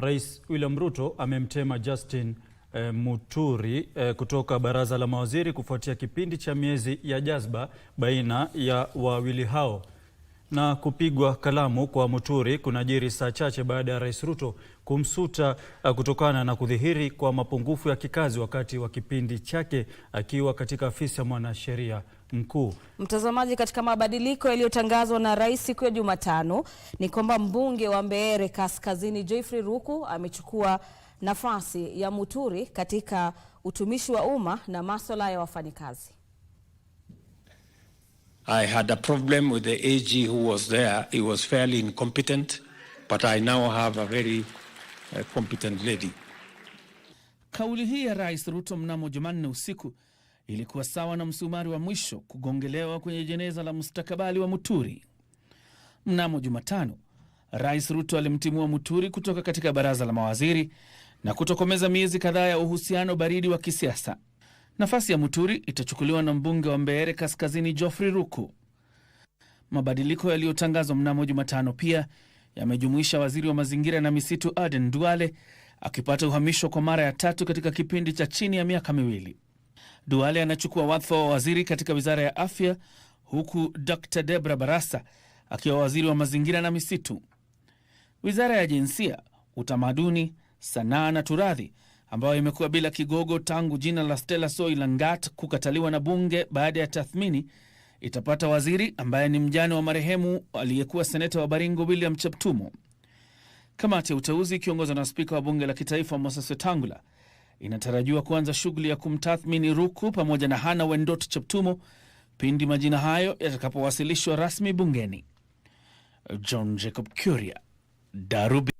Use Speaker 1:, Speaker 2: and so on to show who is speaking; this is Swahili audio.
Speaker 1: Rais William Ruto amemtema Justin E, Muturi e, kutoka baraza la mawaziri kufuatia kipindi cha miezi ya jazba baina ya wawili hao. Na kupigwa kalamu kwa Muturi kunajiri saa chache baada ya Rais Ruto kumsuta uh, kutokana na kudhihiri kwa mapungufu ya kikazi wakati wa kipindi chake akiwa katika afisi ya mwanasheria mkuu.
Speaker 2: Mtazamaji, katika mabadiliko yaliyotangazwa na rais siku ya Jumatano ni kwamba mbunge wa Mbeere Kaskazini Geoffrey Ruku amechukua nafasi ya Muturi katika utumishi wa umma na masuala ya wafanyikazi.
Speaker 3: I had a problem with the AG who was there. He was fairly incompetent, but I now have a very uh, competent lady.
Speaker 1: Kauli hii ya Rais Ruto mnamo Jumanne usiku ilikuwa sawa na msumari wa mwisho kugongelewa kwenye jeneza la mustakabali wa Muturi. Mnamo Jumatano, Rais Ruto alimtimua Muturi kutoka katika baraza la mawaziri na kutokomeza miezi kadhaa ya uhusiano baridi wa kisiasa. Nafasi ya Muturi itachukuliwa na mbunge wa Mbeere Kaskazini Geoffrey Ruku. Mabadiliko yaliyotangazwa mnamo Jumatano pia yamejumuisha waziri wa mazingira na misitu Aden Duale akipata uhamisho kwa mara ya tatu katika kipindi cha chini ya miaka miwili. Duale anachukua wadhifa wa waziri katika wizara ya afya, huku Dr Debra Barasa akiwa waziri wa mazingira na misitu. Wizara ya jinsia, utamaduni, sanaa na turadhi ambayo imekuwa bila kigogo tangu jina la Stella Soilangat kukataliwa na bunge baada ya tathmini, itapata waziri ambaye ni mjane wa marehemu aliyekuwa seneta wa Baringo William Cheptumo. Kamati ya uteuzi ikiongozwa na spika wa bunge la kitaifa Moses Wetangula inatarajiwa kuanza shughuli ya kumtathmini Ruku pamoja na Hana Wendot Cheptumo pindi majina hayo yatakapowasilishwa rasmi bungeni. John Jacob Kuria, Darubi.